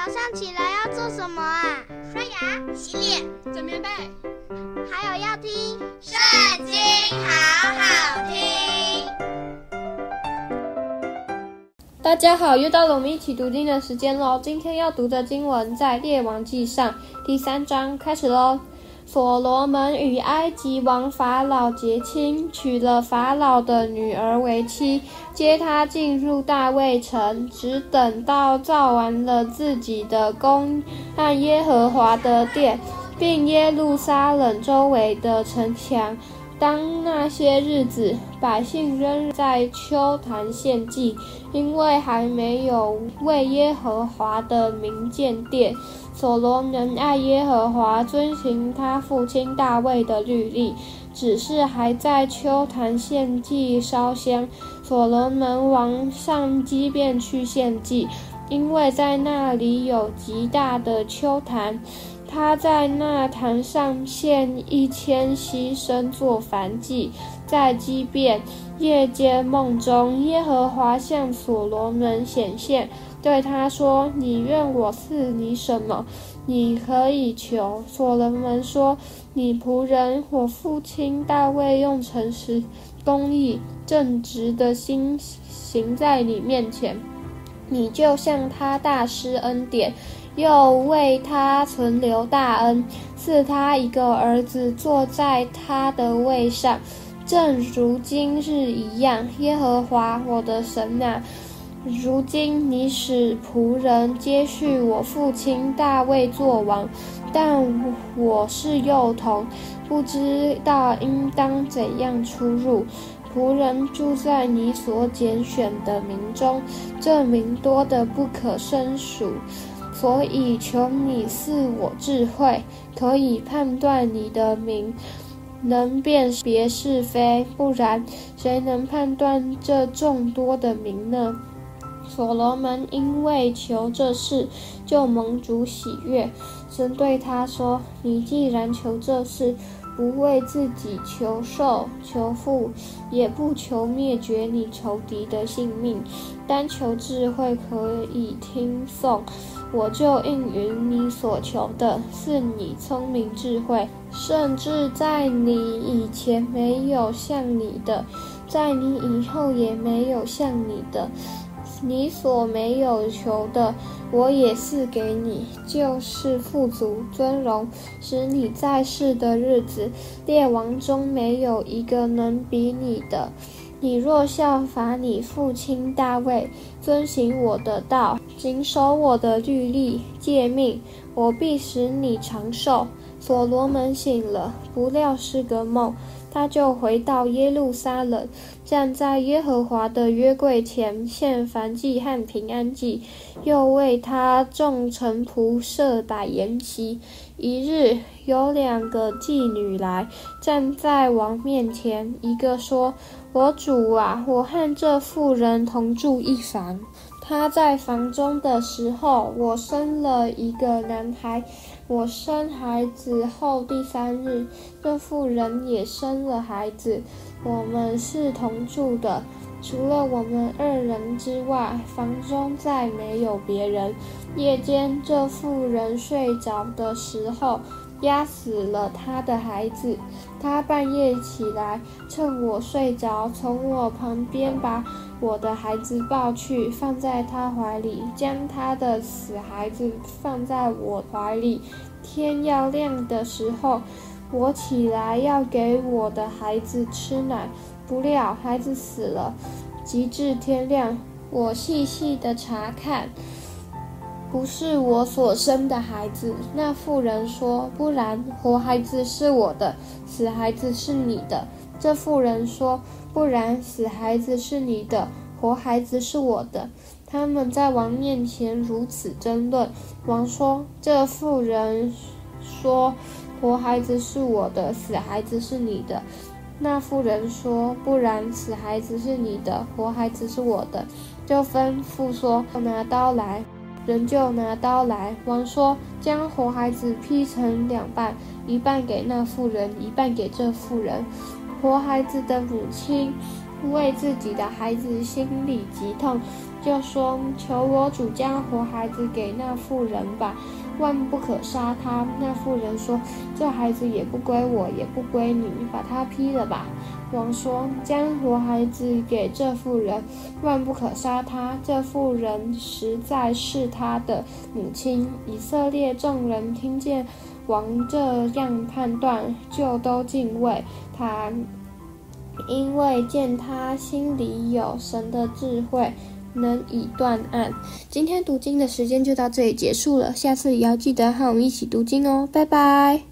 早上起來要做什麼啊？刷牙、洗臉、整棉被，還有要聽《聖經》，好好聽。大家好，又到了我們一起讀經的時間嘍。今天要讀的經文在《列王記上》第三章開始嘍。所羅門與埃及王法老結親，娶了法老的女兒為妻，接她進入大衛城，直等到造完了自己的宮，和耶和華的殿，並耶路撒冷周圍的城牆。當那些日子，百姓仍在邱壇獻祭，因為還沒有為耶和華的名建殿。所羅門愛耶和華，遵行他父親大衛的律例，只是還在邱壇獻祭燒香。所羅門王上基遍去獻祭，因為在那裡有極大的邱壇。他在那壇上獻一千犧牲作燔祭。在基遍，夜間夢中，耶和華向所羅門顯現，對他說：“你願我賜你什麼？你可以求。”所羅門說：“你僕人我父親大衛用誠實、公義、正直的心行，行在你面前，你就向他大施恩典。”又為他存留大恩，賜他一個兒子坐在他的位上，正如今日一樣。耶和華我的神哪、啊，如今你使僕人接續我父親大衛作王，但我是幼童，不知道應當怎樣出入。僕人住在你所揀選的民中，這民多得不可勝數。所以求你賜我智慧，可以判斷你的民，能辨別是非。不然，誰能判斷這眾多的民呢？所羅門因為求這事，就蒙主喜悅，神對他說：“你既然求這事。”不為自己求壽、求富，也不求滅絕你仇敵的性命，單求智慧可以聽訟，我就應允你所求的，賜你聰明智慧，甚至在你以前沒有像你的，在你以後也沒有像你的。你所沒有求的，我也賜給你，就是富足、尊榮，使你在世的日子，列王中沒有一個能比你的。你若效法你父親大衛，遵行我的道，謹守我的律例誡命，我必使你長壽。所羅門醒了，不料是個夢。他就回到耶路撒冷，站在耶和華的約櫃前獻燔祭和平安祭，又為他眾臣僕設擺筵席。一日，有兩個妓女來站在王面前，一個說：“我主啊，我和這婦人同住一房，她在房中的時候，我生了一個男孩。”我生孩子後第三日，這婦人也生了孩子。我們是同住的，除了我們二人之外，房中再沒有別人。夜間這婦人睡着的時候，壓死了她的孩子。她半夜起來，趁我睡着，從我旁邊把我的孩子抱去，放在他懷裡，將他的死孩子放在我懷裡。天要亮的時候，我起來要給我的孩子吃奶，不料孩子死了。及至天亮，我細細的察看，不是我所生的孩子。那婦人說：“不然，活孩子是我的，死孩子是你的。”這婦人說：“不然，死孩子是你的，活孩子是我的。”他們在王面前如此爭論。王說：“這婦人說，活孩子是我的，死孩子是你的。”那婦人說：“不然，死孩子是你的，活孩子是我的。”就吩咐說：“拿刀來！”人就拿刀來。王說：“將活孩子劈成兩半，一半給那婦人，一半給這婦人。”活孩子的母親為自己的孩子心裡急痛，就說：“求我主將活孩子給那婦人吧，萬不可殺他。”那婦人說：“這孩子也不歸我，也不歸你，你把他劈了吧。”王說：“將活孩子給這婦人，萬不可殺他。”這婦人實在是他的母親。以色列眾人聽見。王這樣判斷，就都敬畏他，因為見他心裡有神的智慧，能以斷案。今天讀經的時間就到這裡結束了，下次也要記得和我們一起讀經哦，拜拜！